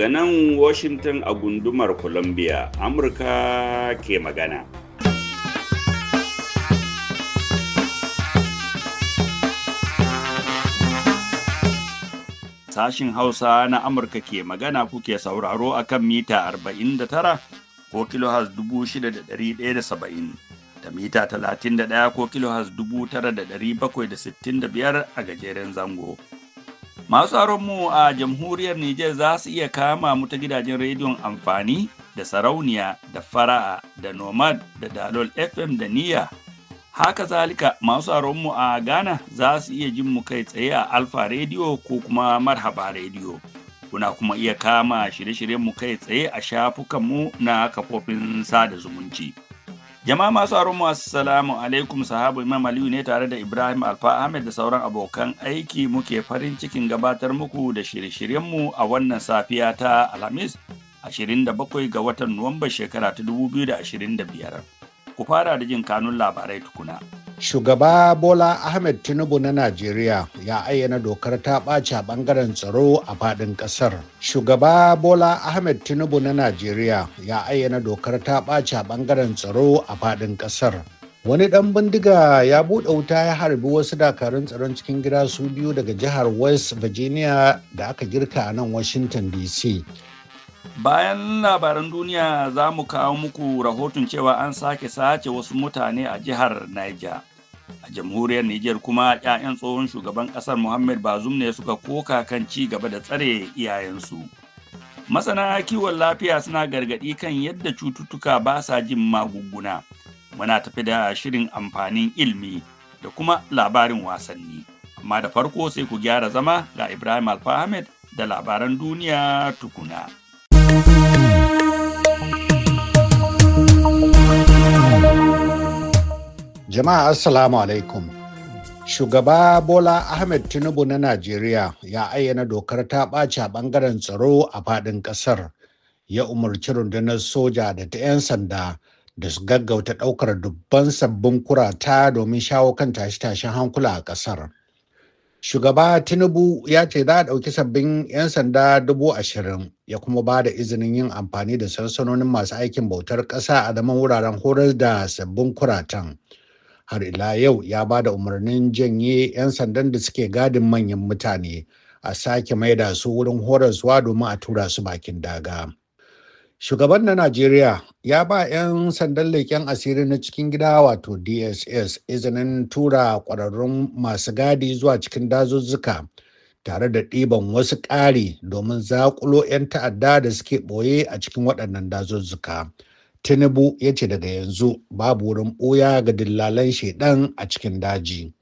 Daga nan Washington a gundumar Columbia, Amurka ke magana. Sashin Hausa na Amurka ke magana kuke sauraro a kan mita 49 ko kilohaz 6,170 da mita 31 ko kilohaz 9,765 a gajeren zango. Masu mu a jamhuriyar Nijar za su iya kama mu ta gidajen rediyon amfani da sarauniya da fara'a da nomad da dalol FM da niyya. Haka zalika masu mu a Ghana za su iya jin mu kai tsaye a Alfa rediyo ko kuma Marhaba rediyo Kuna kuma iya kama shirye-shiryen mu kai tsaye a shafukanmu na kafofin sada zumunci. Jama'a masu mu assalamu alaikum sahabu Imam Aliyu ne tare da Ibrahim Alfa Ahmed da sauran abokan aiki muke farin cikin gabatar muku da shirye-shiryenmu a wannan safiya ta Alhamis 27 ga watan Nuwamba shekara ta 2025. Ku fara da jin kanun labarai tukuna. shugaba bola ahmed tinubu na najeriya ya ayyana dokar ta ɓaci a ɓangaren tsaro a faɗin ƙasar shugaba bola ahmed tinubu na najeriya ya ayyana dokar ta ɓaci a ɓangaren tsaro a faɗin ƙasar wani ɗan bindiga ya buɗe wuta ya harbi wasu dakarun tsaron cikin gida su biyu daga jihar west virginia da aka girka a nan washington dc Bayan labaran duniya za mu kawo muku rahoton cewa an sake sace wasu mutane a jihar Niger. a jamhuriyar Nijar kuma 'ya'yan tsohon shugaban ƙasar Muhammad Bazum ne suka koka kan ci gaba da tsare iyayensu. Masana kiwon lafiya suna gargaɗi kan yadda cututtuka ba sa jin magunguna. Muna tafi da shirin amfanin ilmi da kuma labarin wasanni. Amma da farko sai ku gyara zama ga Ibrahim Alfahamed da labaran duniya tukuna. Jama'a Assalamu alaikum. Shugaba Bola Ahmed Tinubu na Najeriya ya ayyana dokar ta ɓaci a ɓangaren tsaro a faɗin ƙasar. Ya umarci rundunar soja da ta 'yan sanda da su gaggauta ɗaukar dubban sabbin kurata domin shawo kan tashe-tashen hankula a ƙasar. Shugaba Tinubu ya ce za a ɗauki sabbin 'yan sanda dubu ashirin ya kuma ba da izinin yin amfani da sansanonin masu aikin bautar ƙasa a zaman wuraren horar da sabbin kuratan. har ila yau ya ba da umarnin janye 'yan sandan da suke gadin manyan mutane a sake maida su wurin horaswa domin a tura su bakin daga. Shugaban na Najeriya ya ba 'yan sandan leƙen asiri na cikin gida wato DSS izinin tura ƙwararrun masu gadi zuwa cikin dazuzzuka tare da ɗiban wasu ƙari domin zaƙulo 'yan ta'adda da suke ɓoye a cikin waɗannan dazuzzuka. tinubu ya ce daga yanzu babu wurin ɓoya ga dillalan shaidan a cikin daji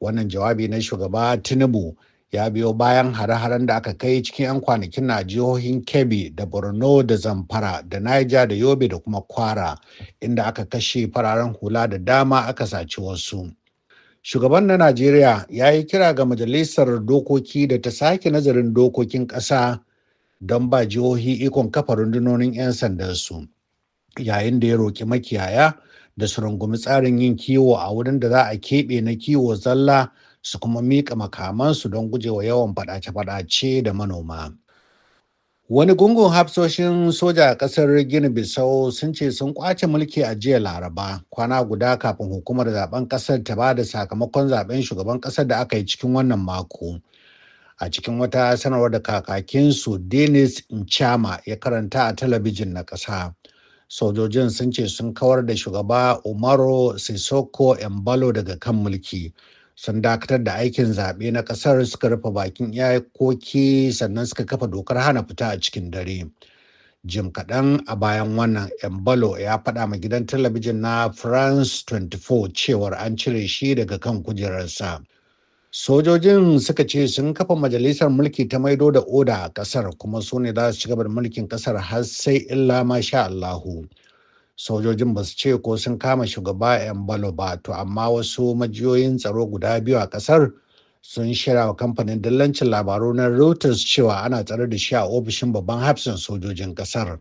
wannan jawabi na shugaba tinubu ya biyo bayan hare-haren da aka kai cikin 'yan kwanakin na jihohin kebbi da borno da zamfara da niger da yobe da kuma kwara inda aka kashe fararen hula da dama aka saci wasu shugaban na najeriya ya yi kira ga majalisar dokoki da ta sake nazarin dokokin ƙasa don ba jihohi ikon kafa rundunonin 'yan sandansu yayin da ya roki makiyaya da su rungumi tsarin yin kiwo a wurin da za a keɓe na kiwo zalla su kuma miƙa makamansu don guje wa yawan faɗace-faɗace da manoma. Wani gungun hafsoshin soja a ƙasar guinea Bissau sun ce sun ƙwace mulki a jiya Laraba kwana guda kafin hukumar zaben ƙasar ta ba da sakamakon zaben shugaban ƙasar da aka yi cikin wannan mako. A cikin wata sanarwar da kakakinsu Denis Nchama ya karanta a talabijin na ƙasa. sojojin sun ce sun kawar da shugaba umaru sissoko embalo daga kan mulki sun dakatar da aikin zaɓe na ƙasar suka rufe bakin iyakoki sannan suka kafa dokar hana fita a cikin dare jim kaɗan a bayan wannan embalo ya faɗa ma gidan talabijin na france 24 cewar an cire shi daga kan kujerarsa. sojojin suka ce sun kafa majalisar mulki ta maido da oda a kasar kuma su ne za su ci gaba da mulkin kasar har sai illa ma sha Allahu sojojin ba su ce ko sun kama shugaba balo ba to amma wasu majiyoyin tsaro guda biyu a kasar sun shirya wa kamfanin dillancin labaru na Reuters cewa ana tsare da shi a ofishin babban hafsin sojojin kasar.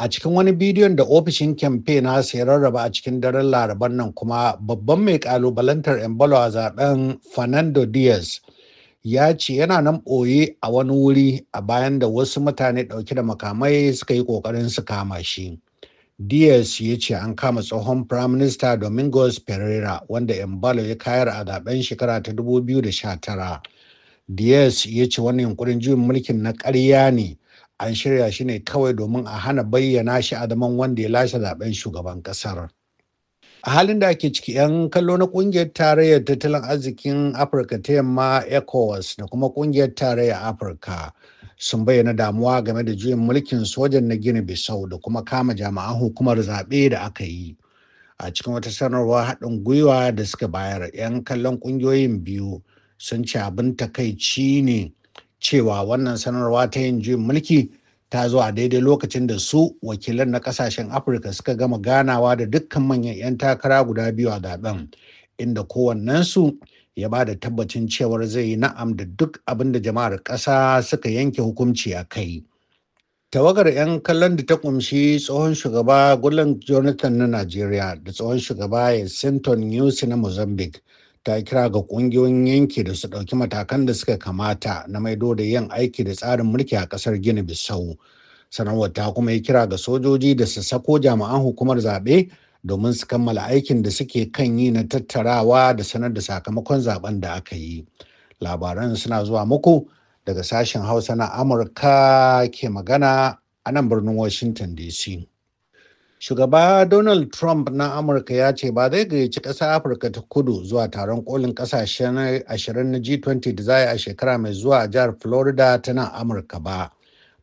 a cikin wani bidiyon da ofishin kyamfe na ya rarraba a cikin daren laraban nan kuma babban mai kalubalantar embalo a zaben fernando diaz ya ce yana nan ɓoye a wani wuri a bayan da wasu mutane ɗauke da makamai suka yi ƙoƙarin su kama shi diaz ya ce an kama tsohon prime minister domingos pereira wanda embalo ya kayar a zaben shekara ta 2019 diaz ya ce wani yunkurin juyin mulkin na ƙarya ne an shirya shi ne kawai domin a hana bayyana shi a zaman wanda ya lashe zaben shugaban kasar. A halin da ake ciki 'yan kallo na kungiyar tarayyar tattalin arzikin Afirka ta yamma ECOWAS da kuma kungiyar tarayyar Afirka sun bayyana damuwa game da juyin mulkin sojan na Gini bisau da kuma kama jama'an hukumar zaɓe da aka yi. A cikin wata sanarwa haɗin gwiwa da suka bayar 'yan kallon ƙungiyoyin biyu sun ci abin takaici ne. cewa wannan sanarwa ta yin juyin mulki ta zo a daidai lokacin da su wakilan na kasashen afirka suka gama ganawa da dukkan manyan 'yan takara guda biyu a zaben inda kowannensu ya ba da tabbacin cewar zai yi na'am da duk abin da jama'ar ƙasa suka yanke hukunci a kai tawagar 'yan kallon da ta kumshi tsohon shugaba gulan jonathan na najeriya da tsohon shugaba yasinton news na mozambique ta kira ga kungiyoyin yanki da su ɗauki matakan da suka kamata na maido da yin aiki da tsarin mulki a ƙasar gini bisau sanarwar ta kuma yi kira ga sojoji da su sako jami'an hukumar zaɓe domin su kammala aikin da suke kan yi na tattarawa da sanar da sakamakon zaben da aka yi labaran suna zuwa muku daga sashen hausa na amurka ke magana a nan birnin washington dc Shugaba Donald Trump na Amurka ya ce ba zai gayyaci ƙasa Afirka ta kudu zuwa taron kolin ƙasashen ashirin na G20 da za a shekara mai zuwa a jihar Florida ta nan Amurka ba.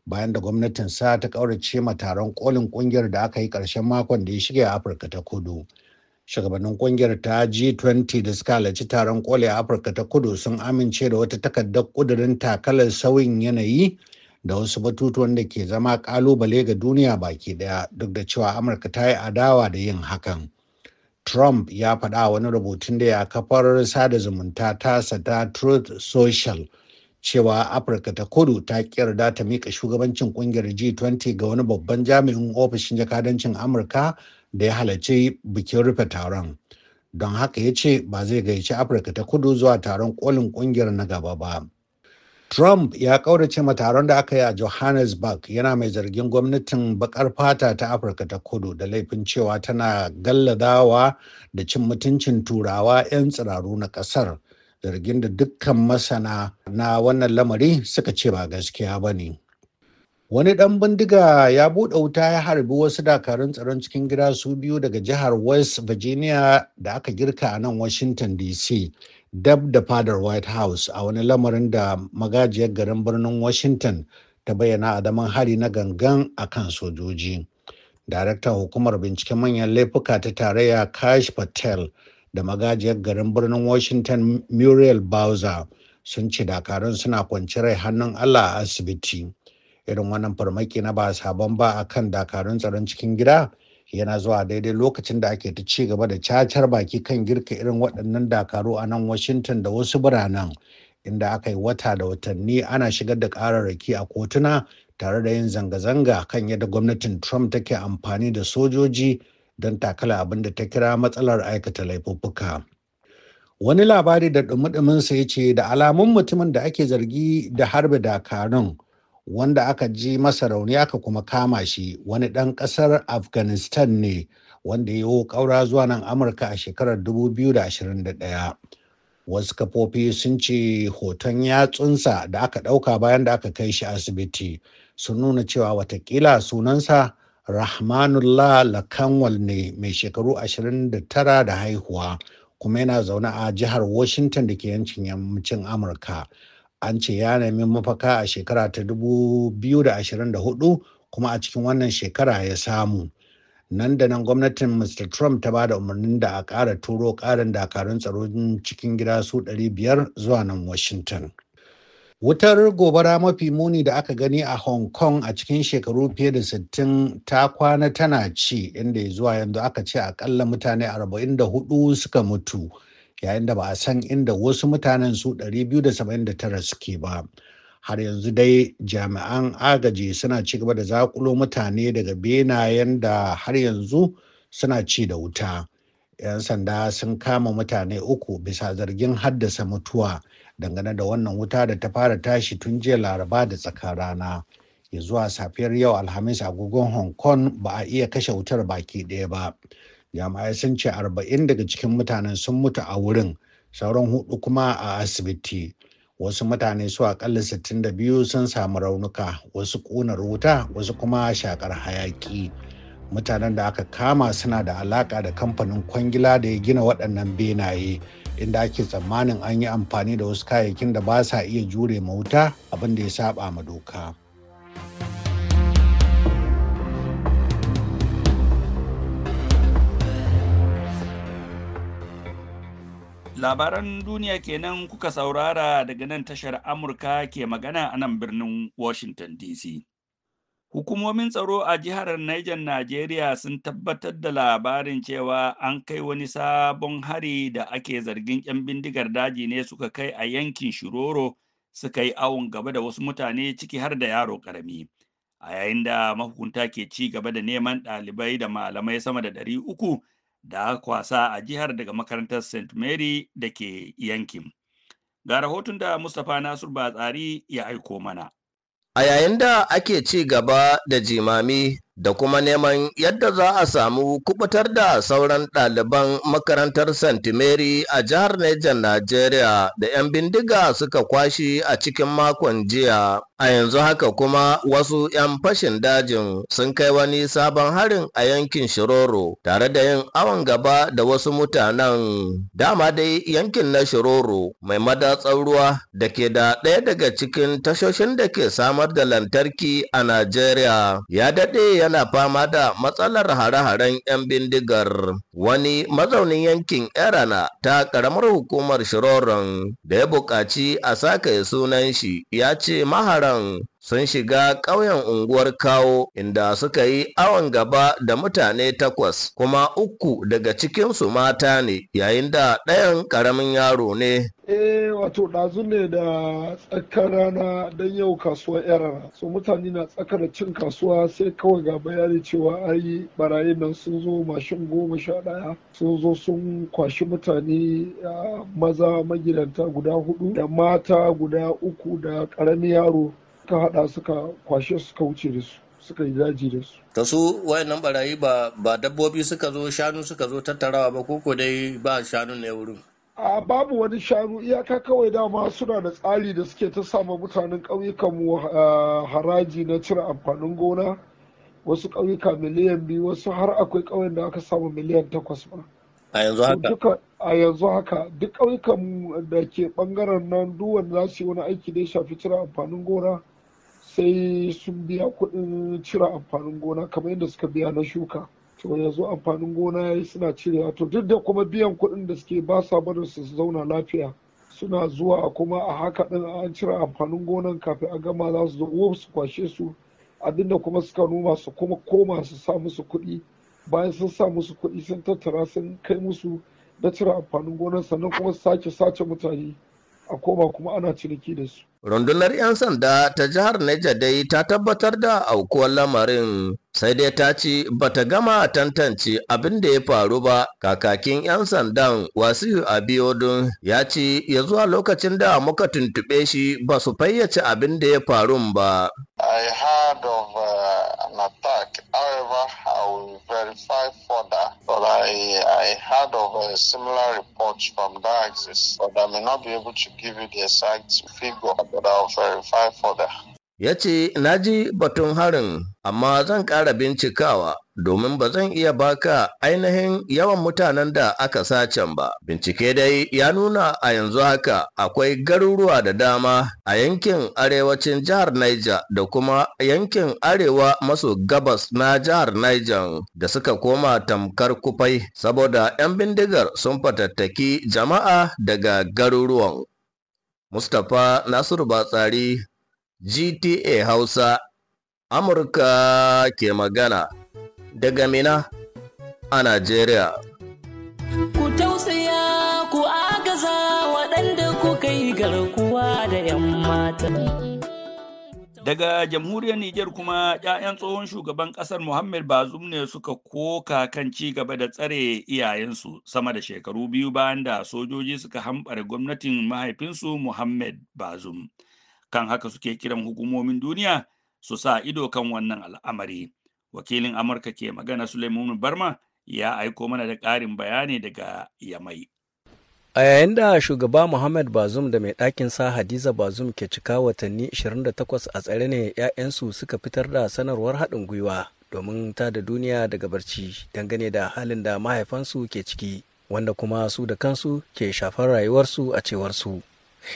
Bayan da gwamnatin sa ta ƙaurace ma taron kolin ƙungiyar da aka yi ƙarshen makon da ya shige a Afirka ta kudu. Shugabannin ƙungiyar ta G20 da suka halarci taron koli a Afirka ta kudu sun amince da wata takardar ƙudurin takalar sauyin yanayi da wasu batutuwan da ke zama kalubale ga duniya baki daya duk da cewa amurka ta yi adawa da yin hakan trump ya faɗa wani rubutun da ya kafar sada zumunta ta Sata truth social cewa afirka ta kudu ta yarda ta mika shugabancin kungiyar g20 ga wani babban jami'in ofishin jakadancin amurka da ya halarci bikin rufe taron don haka ya ce ba zai gayyaci afirka ta kudu zuwa taron kolin kungiyar na gaba ba Trump ya kaurace ma taron da aka yi a Johannesburg yana mai zargin gwamnatin bakar fata ta Afirka ta kudu da laifin cewa tana galladawa da cin mutuncin turawa 'yan tsiraru na ƙasar zargin da dukkan masana na wannan lamari suka ce ba gaskiya ba ne. Wani ɗan bindiga ya buɗe wuta ya harbi wasu dakarun tsaron cikin gida su biyu daga jihar West Virginia da aka girka a nan Washington DC. dab da fadar white house a wani lamarin da magajiyar garin birnin washington ta bayyana a daman hari na gangan a kan sojoji daraktan hukumar binciken manyan laifuka ta tarayya kash patel da magajiyar garin birnin washington muriel bowser sun ce dakarun suna kwanci rai hannun allah a asibiti irin wannan farmaki na ba sabon ba akan dakarun tsaron cikin gida yana zuwa daidai lokacin da ake ta ci gaba da cacar baki kan girka irin waɗannan dakaru a nan washington da wasu biranen inda aka yi wata da watanni ana shigar da ƙararraki a kotuna tare da yin zanga-zanga kan yadda gwamnatin trump take amfani da sojoji don takala abin da ta kira matsalar aikata laifuffuka wani labari da ɗumi-ɗuminsa ya ce da alamun mutumin da ake zargi da harbe dakarun wanda aka ji masa rauni aka kuma kama shi wani ɗan ƙasar afghanistan ne wanda ya yi ƙaura zuwa nan amurka a shekarar 2021 wasu kafofi sun ce hoton yatsunsa da aka ɗauka bayan da aka kai shi asibiti sun nuna cewa watakila sunansa rahmanullah lakanwal ne mai shekaru 29 da haihuwa kuma yana zaune a jihar washington da ke yancin yammacin amurka an ce ya nemi mafaka a shekara ta 2024 kuma a cikin wannan shekara ya samu nan da nan gwamnatin mr trump ta ba da umarnin da a ƙara turo ƙarin dakarun tsaron cikin gida su 500 zuwa nan washington wutar gobara mafi muni da aka gani a hong kong a cikin shekaru fiye da 60 ta kwana tana ci inda zuwa yanzu aka ce akalla mutane 44 suka mutu yayin da ba a san inda wasu mutanen su 279 suke ba har yanzu dai jami'an agaji suna ci gaba da zakulo mutane daga benayen da har yanzu suna ci da wuta 'yan sanda sun kama mutane uku bisa zargin haddasa mutuwa dangane da wannan wuta da ta fara tashi tun jiya laraba da tsakar rana ya zuwa safiyar yau alhamis agogon hong kong ba a iya kashe wutar baki ɗaya ba jami'ai sun ce arba'in daga cikin mutanen sun mutu a wurin sauran hudu kuma a asibiti wasu mutane su akalla biyu sun samu raunuka wasu ƙunar wuta wasu kuma shakar hayaki mutanen da aka kama suna da alaka da kamfanin kwangila da ya gina waɗannan benaye inda ake tsammanin an yi amfani da wasu kayayyakin da ba sa iya jure ma wuta abin da ya saba ma doka. Labaran duniya kenan kuka saurara daga nan tashar Amurka ke magana a nan birnin Washington DC. Hukumomin tsaro a jihar Niger Najeriya sun tabbatar da labarin cewa an kai wani sabon hari da ake zargin 'yan bindigar daji ne suka kai a yankin Shiroro suka yi awon gaba da wasu mutane ciki har da yaro karami. A yayin da mahukunta ke ci gaba da neman ɗalibai da malamai sama da ɗari uku da kwasa a jihar daga makarantar St. Mary da ke yankin. Ga rahoton da Mustapha Nasir tsari ya aiko mana. A yayin da ake ci gaba da jimami da kuma neman yadda za a samu kubutar da sauran ɗaliban makarantar St. Mary a jihar Niger Najeriya da 'yan bindiga suka kwashi a cikin makon jiya. A yanzu haka kuma wasu 'yan fashin dajin sun kai wani sabon harin a yankin Shiroro tare da yin awon gaba da wasu mutanen dama dai yankin na Shiroro mai madatsar ruwa da ke da ɗaya daga cikin tashoshin da ke samar da lantarki a Najeriya ya daɗe ya yana fama da matsalar hare-haren 'yan bindigar wani mazaunin yankin erana ta karamar hukumar shiroron da ya buƙaci a sake sunan shi ya ce maharan sun shiga ƙauyen unguwar kawo inda suka yi awon gaba da mutane takwas kuma uku daga cikinsu mata ne yayin da ɗayan ƙaramin yaro ne. Eh, wato ɗazu ne da tsakar rana don yau kasuwa yarara so mutane na tsakar cin kasuwa sai kawai ga bayani cewa ayi barayin nan sun zo mashin goma sha ɗaya sun zo sun kwashi mutane maza magidanta guda hudu da mata guda uku da ƙaramin yaro suka haɗa suka kwashe suka wuce da su suka yi daji da su. Ta su wayannan barayi ba dabbobi suka zo shanu suka zo tattarawa ba ko dai ba shanu ne wurin. a babu wani shanu iyaka kawai dama suna da tsari da suke ta sama mutanen mu eh, haraji na cire amfanin gona wasu ƙauyuka miliyan biyu wasu har akwai ƙauyen da aka samu miliyan takwas ba a yanzu haka a yanzu haka duk ƙauyukan da ke ɓangaren nan duwan za su yi wani aiki da ya shafi cire amfanin gona sai sun biya kuɗin cire amfanin gona kamar yadda suka biya na shuka to yanzu amfanin gona ya yi suna cirewa to duk da kuma biyan kuɗin da suke ba sa barin su zauna lafiya suna zuwa kuma a haka ɗin an cire amfanin gonan kafin a gama za su zo su kwashe su abinda kuma suka noma su kuma koma su sa musu kuɗi bayan sun sa musu kuɗi sun tattara sun kai musu na cire amfanin gonan sannan kuma sake sace mutane a koma kuma ana ciniki da su rundunar 'yan sanda ta jihar Neja dai ta tabbatar da aukuwar lamarin sai dai ta ci ta gama tantance abin da ya faru ba kakakin 'yan sandan wasu abiodun ya ci ya zuwa lokacin da muka tuntube shi ba su fayyace abin da ya faru ba. verify further, but I, I heard of a similar report from Diaxis, but I may not be able to give you the exact figure, but I'll verify further. ya ce na ji batun harin amma zan ƙara bincikawa domin ba zan iya baka ainihin yawan mutanen da aka sacen ba. Bincike dai ya nuna a yanzu haka akwai garuruwa da dama a yankin arewacin jihar Niger da kuma yankin arewa maso gabas na jihar Niger da suka koma tamkar kufai saboda 'yan bindigar sun fatattaki jama'a daga garuruwan. Mustapha Nasiru Batsari GTA Hausa, Amurka ke magana daga Mina a Najeriya. Ku tausaya ku agaza waɗanda kuka yi garkuwa da 'yan mata. Daga jamhuriyar Nijar kuma 'ya'yan tsohon shugaban ƙasar Muhammad Bazum ne suka koka kan ci gaba da tsare iyayensu sama da shekaru biyu bayan da sojoji suka hambare gwamnatin mahaifinsu Muhammad Bazum. kan haka suke kiran hukumomin duniya su sa ido kan wannan al'amari wakilin amurka ke magana suleiman barma ya aiko mana da ƙarin bayani daga yamai a yayin da shugaba muhammad bazum da mai ɗakin sa hadiza bazum ke cika watanni 28 a tsare ne 'ya'yansu suka fitar da sanarwar haɗin gwiwa domin ta da duniya daga barci dangane da halin da mahaifansu ke ciki wanda kuma su da kansu ke shafar rayuwarsu a cewarsu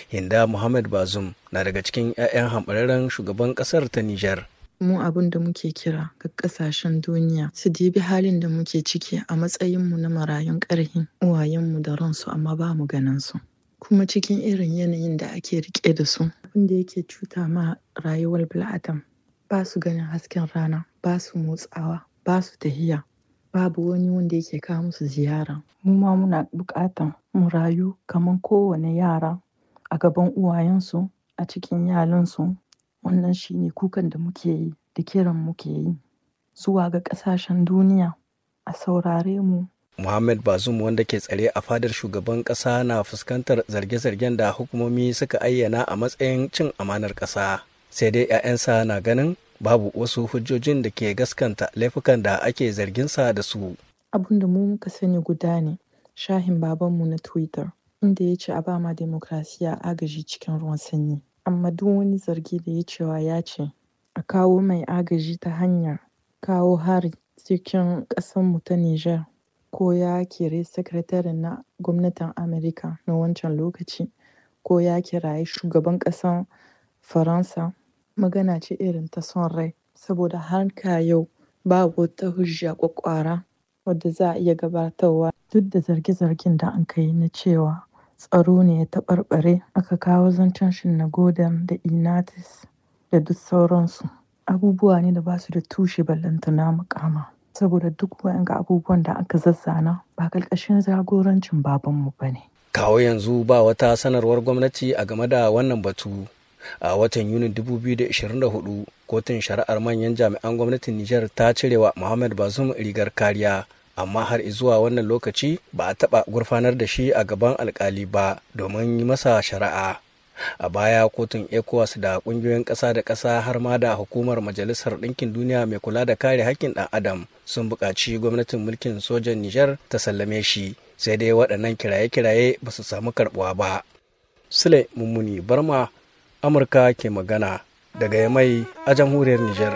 Hinda Muhammad Bazum na daga cikin 'ya'yan hambararren shugaban ƙasar ta Nijar. mu abin da muke kira ga ƙasashen duniya su dibi halin da muke ciki a matsayinmu na marayun ƙarhin uwayenmu da ransu amma ba mu ganin su kuma cikin irin yanayin da ake rike da su abin da yake cuta ma rayuwar bil'adam ba su ganin hasken rana ba su motsawa ba su tahiya babu wani wanda yake kawo musu ziyara mu ma muna buƙatan mu rayu kamar kowane yara a gaban uwayensu a cikin yalansu wannan shi ne kukan da muke yi da kiran muke yi zuwa ga ƙasashen duniya a saurare mu Muhammad Bazum wanda ke tsare a fadar shugaban ƙasa na fuskantar zarge-zargen da hukumomi suka ayyana a matsayin cin amanar ƙasa. Sai dai 'ya'yansa na ganin babu wasu hujjojin da ke gaskanta laifukan da ake zarginsa da su. Abin da mu muka sani guda ne, shahin babanmu na Twitter. inda ya ce a ba ma demokrasiya agaji cikin ruwan sanyi amma duk wani zargi da ya cewa ya ce a kawo mai agaji ta hanyar kawo hari cikin mu ta Nijar ko ya kere sakataren na gwamnatin Amerika na wancan lokaci ko ya kiraye shugaban ƙasan Faransa magana ce irin ta son rai saboda har ka yau babu wata hujja kwakwara wadda za a iya gabatarwa duk da zarge-zargen da an kai na cewa tsaro ne ya taɓarɓare aka kawo zancen Shinnagodan da inatis da duk sauransu. Abubuwa ne da ba su da tushe ballantana mukama Saboda duk wa'anga abubuwan da aka zazzana ba ƙarƙashin zagorancin babanmu ba ne. Kawo yanzu ba wata sanarwar gwamnati a game da wannan batu. a watan yuni 2024 kotun shari'ar manyan jami'an gwamnatin nijar ta cirewa muhammad bazum rigar kariya amma har zuwa wannan lokaci ba a taɓa gurfanar da shi a gaban alkali ba domin yi masa shari'a a baya kotun ecowas da kungiyoyin ƙasa da ƙasa har ma da hukumar majalisar ɗinkin duniya mai kula da kare haƙƙin ɗan adam sun buƙaci gwamnatin mulkin sojan nijar ta sallame shi sai dai waɗannan kiraye-kiraye ba su samu karɓuwa ba sule mummuni barma amurka ke magana daga yamai a jamhuriyar nijar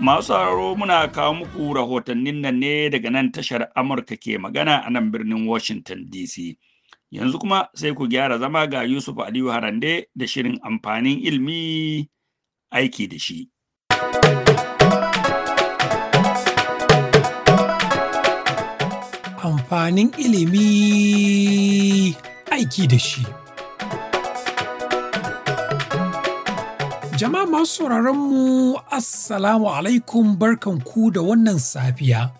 Masu sauraro muna kawo muku rahotannin nan ne daga nan tashar Amurka ke magana a nan birnin Washington DC. Yanzu kuma sai ku gyara zama ga Yusuf Aliyu Harande da shirin amfanin ilmi aiki da shi. Amfanin ilimi aiki da shi. Jama'a masu sauraron mu Assalamu alaikum ku da wannan safiya,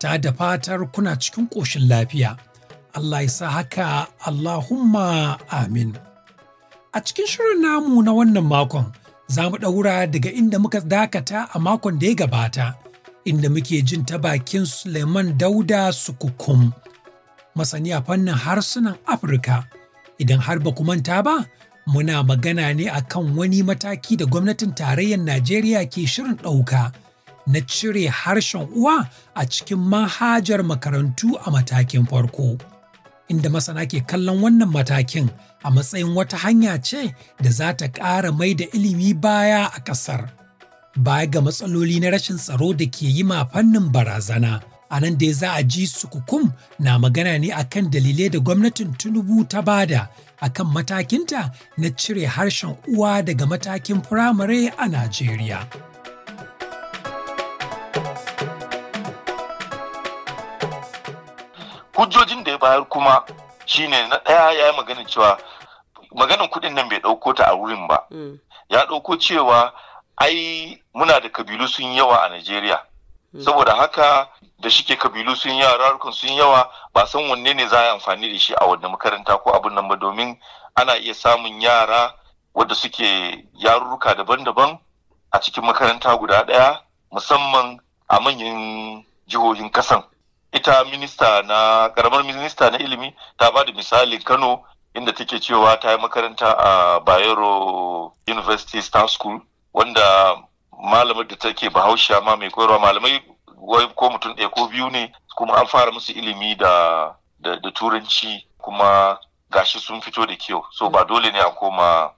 ta da fatar kuna cikin ƙoshin lafiya. Allah ya sa haka Allahumma amin. A cikin shirin namu na wannan makon, za mu ɗaura daga inda muka dakata a makon da ya gabata, inda muke jin ta bakin Suleiman Dauda Sukukum, masani a fannin harsunan Afirka. Idan har ba ku manta ba, Muna magana ne akan wani mataki da gwamnatin tarayyar Najeriya ke shirin ɗauka na cire harshen uwa a cikin manhajar makarantu a matakin farko. Inda masana ke kallon wannan matakin a matsayin wata hanya ce da za ta ƙara mai da ilimi baya a ƙasar. Baya ga matsaloli na rashin tsaro da ke yi ma fannin barazana. a nan dai za a ji sukukum na magana ne akan dalilai da gwamnatin tunubu ta bada akan matakinta na cire harshen uwa daga matakin firamare a najeriya hujjojin da ya bayar kuma shine na ɗaya ya yi magana cewa maganin kuɗin nan bai ɗauko ta a wurin ba mm. ya ɗauko cewa ai muna da kabilu sun yawa a najeriya Mm. saboda haka da shike kabilu sun yi rarukan sun yawa ba san wanne ne za a yi amfani da shi a wanne makaranta ko abin nan ba domin ana iya samun yara wadda suke yarurruka daban-daban a cikin makaranta guda ɗaya musamman a manyan jihohin kasan ita minista na karamar minista na ilimi ta ba da misalin kano inda take cewa ta yi makaranta a bayero university star school wanda malamar da take bahaushe ma mai koyarwa malamai wai ko mutum ɗaya ko biyu ne kuma an fara musu ilimi da da turanci kuma gashi sun fito da kyau so ba dole ne a koma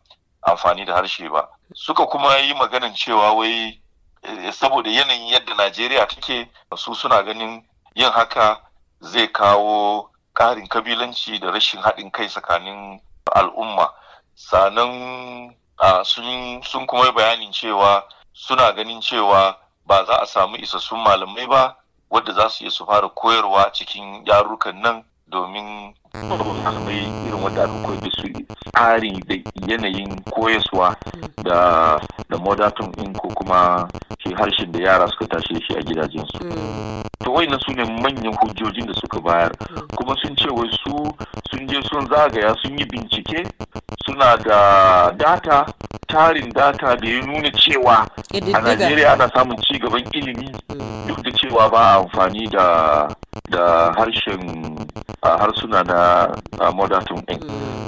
amfani da harshe ba suka kuma yi maganin cewa wai eh, saboda yanayin yadda najeriya take su suna ganin yin haka zai kawo ƙarin kabilanci da rashin haɗin kai tsakanin al'umma sanan ah, sun kuma yi bayanin cewa suna ganin cewa ba za a samu isassun malamai ba wadda za su iya su fara koyarwa cikin yarukan nan domin akwai irin wanda su tsari da yanayin koyaswa da da modatun in ko kuma harshen da yara suka tashi shi a gidajensu to wayannan su ne manyan hujjojin da suka bayar kuma sun ce wai su sun je sun zagaya sun yi bincike suna da data tarin data da ya nuna cewa a najeriya ana samun ci gaban ilimi duk da cewa ba a amfani da harshen harsuna na modern din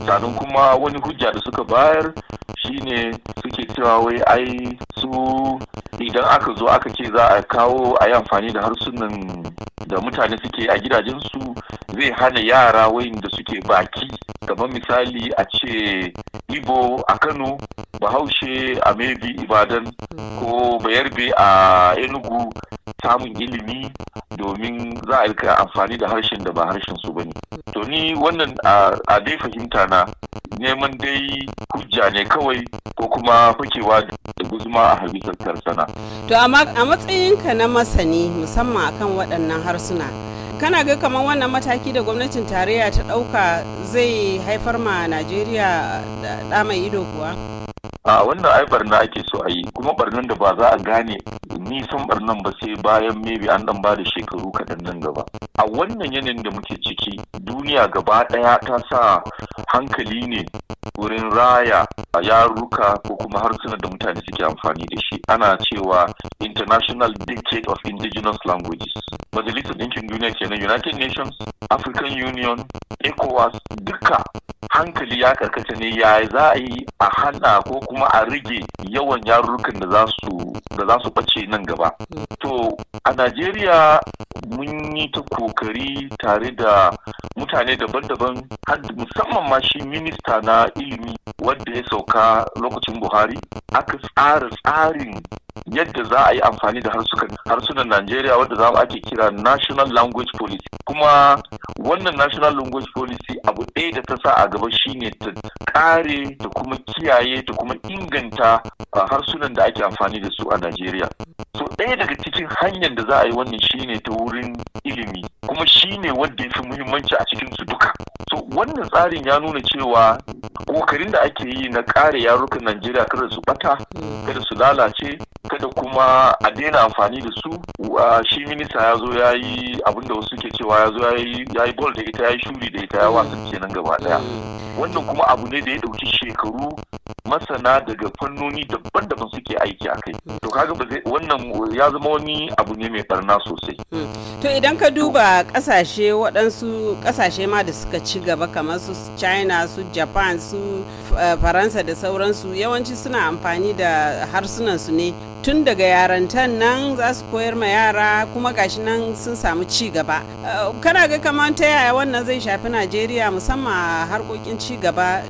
sannan kuma wani hujja da suka bayar shine suke cewa wai ai su idan aka zo aka ce za a kawo a yi amfani da harsunan da mutane suke a gidajensu zai hana yara da suke baki kamar misali a ce ibo a kano bahaushe a mebi ibadan ko bayarbe a enugu samun ilimi domin za a rika amfani da harshen da ba harshen su bane to ni wannan a dai fahimta na neman dai hujja ne kawai ko kuma fakewa da guzuma a harbisar karsana. to a matsayinka na masani musamman akan waɗannan harsuna kana ga kamar wannan mataki da gwamnatin tarayya ta ɗauka zai haifar ma najeriya da mai ido kuwa a wannan ai barna ake so a yi kuma barnan da ba za a gane nisan barnan ba sai bayan maybe an dan bada shekaru kaɗan nan gaba a wannan yanayin da muke ciki duniya gaba ɗaya ta sa hankali ne wurin raya a yaruka ko kuma harsunan da mutane suke amfani da shi ana cewa international dictate of indigenous languages majalisar ɗinkin duniya ke kenan united nations african union ecowas duka hankali ya karkata ne ya za a yi a hana ko kuma a rage yawan yarurrukan da za su bace nan gaba to a najeriya mun yi ta kokari tare da mutane daban-daban musamman ma shi minista na ilimi wadda ya sauka lokacin buhari aka tsara tsarin yadda za a yi amfani da harsunan Najeriya wadda za ake kira National Language Policy. Kuma wannan National Language Policy abu ɗaya da ta sa a gaba shine ta kare da kuma kiyaye da kuma inganta harsunan da ake amfani da su a Najeriya. So ɗaya daga cikin hanyar da za a yi wannan shine ta wurin ilimi kuma shine wanda ya fi muhimmanci a cikin su duka. So wannan tsarin ya nuna cewa kokarin da ake yi na kare yarukan Najeriya kada su bata, kada su lalace, kada kuma a daina amfani da su. Shi minista ya zo ya yi abinda wasu ke cewa ya zo ya yi bol da ita ya yi shuri da ita ya wasan kenan gaba daya. Bye. wannan kuma abu ne da ya ɗauki shekaru masana daga fannoni daban-daban suke aiki a kai to kaga wannan ya zama wani abu ne mai barna sosai hmm. to idan ka duba kasashe waɗansu kasashe ma da suka ci gaba kamar su china su japan su eh, faransa da sauransu yawanci suna amfani da harsunansu ne tun daga yarantan nan za su koyar ma yara kuma gashi nan sun samu ci gaba eh, kana ga kamar ta yaya wannan zai shafi najeriya musamman harkokin ci gaba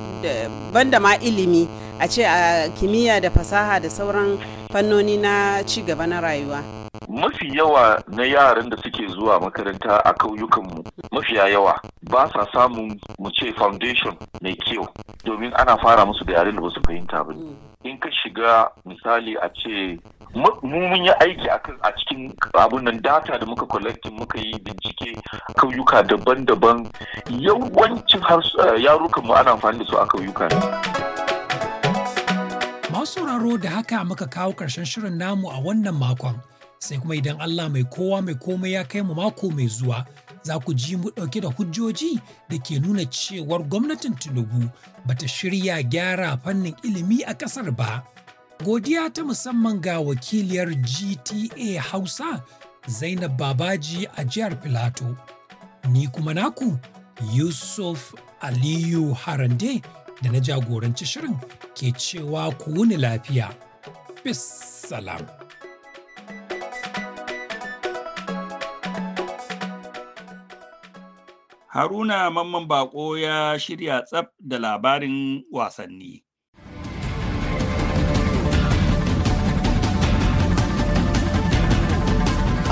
banda ma ilimi a ce a kimiyya da fasaha da sauran fannoni na ci gaba na rayuwa mafi yawa na yaran da suke zuwa makaranta a kauyukanmu mafiya yawa ba sa samun mu ce foundation mai kyau domin ana fara musu da yaren da ba fahimta ba mm. in ka shiga misali a ce mun yi aiki a cikin abun nan data da muka collecting muka yi bincike kauyuka daban-daban yawancin eh, yarukan mu ana amfani da su a kauyuka ne. Masu sauraro da haka muka kawo karshen shirin namu a wannan makon sai kuma idan Allah mai kowa mai komai ya kai mu mako mai zuwa za ku ji mu ɗauke da hujjoji da ke nuna cewar gwamnatin Tinubu bata shirya gyara fannin ilimi a ƙasar ba. Godiya ta musamman ga wakiliyar GTA Hausa Zainab Babaji a jihar Filato. Ni kuma naku Yusuf Aliyu Harande da na jagoranci shirin ke cewa ku wuni lafiya. Bis salam. Haruna Mamman Bako ya shirya tsaf da labarin wasanni.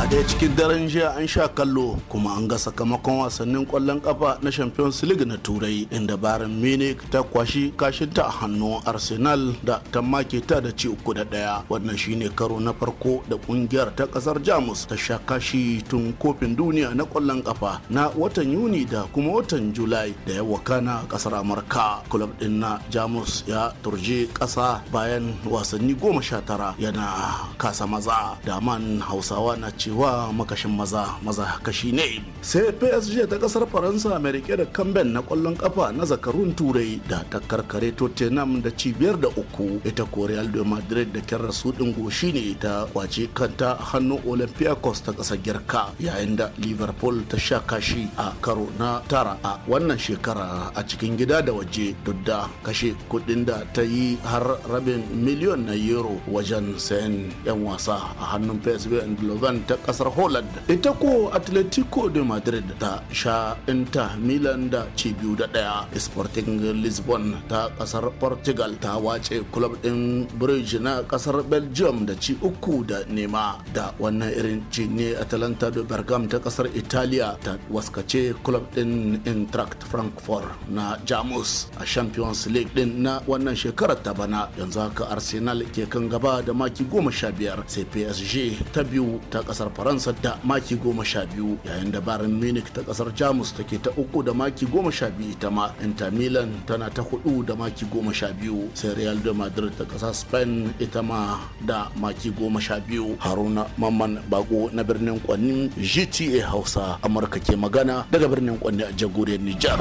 daya cikin daren jiya an sha kallo kuma an ga sakamakon wasannin kwallon kafa na champions league na turai inda barin munich ta kwashi kashinta a hannun arsenal da ta make ta da ci uku da daya wannan shine karo na farko da kungiyar ta kasar jamus ta sha kashi tun kofin duniya na kwallon kafa na watan yuni da kuma watan julai da ya wakana kasar amurka club din na jamus ya turje kasa bayan wasanni goma sha tara yana kasa maza daman hausawa na cewa wa makashin maza maza kashi ne sai psg ta kasar faransa mai rike da kamben na kwallon kafa na zakarun turai da ta karkare tottenham da cibiyar da uku ita ko real de madrid da kyarra sudin goshi ne ta kwace kanta hannun olympiacos ta kasar girka yayin da liverpool ta sha kashi a karo na tara a wannan shekara a cikin gida da waje duk da kashe kudin da ta yi har rabin miliyon na euro wajen sayan 'yan wasa a hannun psv eindhoven ta kasar holland ita ko atletico de madrid ta sha inter milan da ci biyu da daya sporting lisbon ta kasar portugal ta wace club din bridge na kasar belgium da ci uku da nema da wannan irin ci ne atalanta da bergam ta kasar Italia ta waskace club din intract frankfurt na jamus a champions league din na wannan shekarar ta bana yanzu haka arsenal ke kan gaba da maki goma sha biyar sai psg ta biyu ta kasar faransa da maki goma sha biyu yayin da barin munich ta kasar jamus take ta uku da maki goma sha biyu ita ma inter milan tana ta hudu da maki goma sha biyu sai real de madrid ta kasar spain ita ma da maki goma sha biyu haruna mamman bago na birnin kwannin gta hausa amurka ke magana daga birnin kwanni a jagoriyar nijar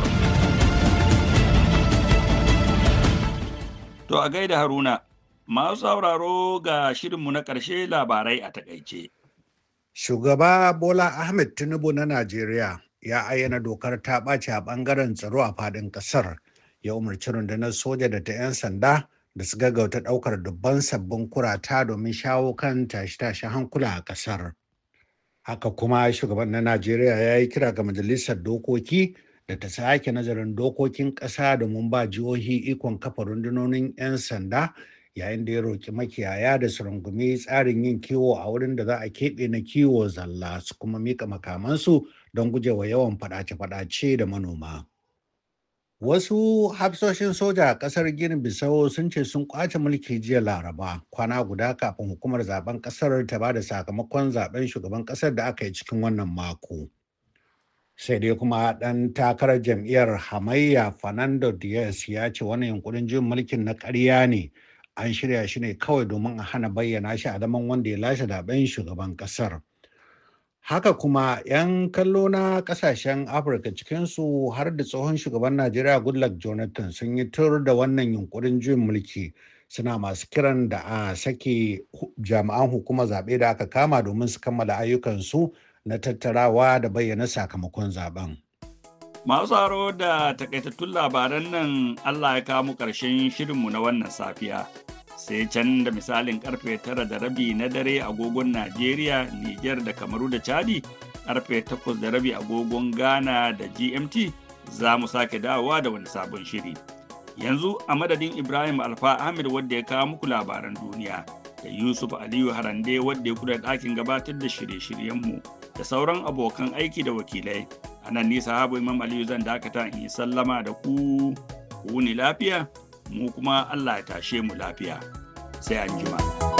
To a gaida Haruna, masu sauraro ga shirinmu na ƙarshe labarai a takaice. Shugaba Bola Ahmed Tinubu na Najeriya ya ayyana dokar ta ɓace a ɓangaren tsaro a faɗin ƙasar ya umarci rundunar soja da ta 'yan sanda da su gaggauta ɗaukar dubban sabbin kurata domin shawo kan tashe-tashen hankula a ƙasar. Haka kuma shugaban na Najeriya ya yi kira ga majalisar dokoki da ta sake nazarin dokokin ƙasa domin ba jihohi ikon kafa rundunonin 'yan sanda yayin da ya roƙi makiyaya da su rungumi tsarin yin kiwo a wurin da za a keɓe na kiwo zalla su kuma mika makamansu don gujewa yawan faɗace fadace da manoma. Wasu hafsoshin soja a ƙasar Gini Bisau sun ce sun ƙwace mulki jiya Laraba kwana guda kafin hukumar zaben ƙasar ta ba da sakamakon zaben shugaban ƙasar da aka yi cikin wannan mako. sai dai kuma ɗan takarar jam'iyyar hamayya fernando diaz ya ce wani yunkurin jin mulkin na ƙarya ne an shirya shi ne kawai domin a hana bayyana shi a daman wanda ya lashe zaben shugaban kasar haka kuma 'yan kallo na ƙasashen afirka cikinsu har da tsohon shugaban najeriya goodluck jonathan sun yi tur da wannan yunkurin juyin mulki suna masu kiran da a sake jami'an hukumar zaɓe da aka kama domin su kammala ayyukansu na tattarawa da bayyana sakamakon zaben Masu tsaro da takaitattun labaran nan Allah ya kawo mu ƙarshen shirinmu na wannan safiya. sai can da misalin karfe tara da rabi na dare agogon Najeriya, Nijar da Kamaru da Chadi, karfe takwas da rabi agogon Ghana da GMT za mu sake dawowa da wani sabon shiri. Yanzu a madadin Ibrahim Alfa Ahmed wadda ya kawo muku labaran duniya da Yusuf Aliyu Harande wadda ya kuda ɗakin gabatar da shirye-shiryenmu da sauran abokan aiki da wakilai. A nan nisa habu Imam Aliyu zan dakata in yi sallama da ku, ku ni lafiya. mu kuma Allah ya tashe mu lafiya sai an jima.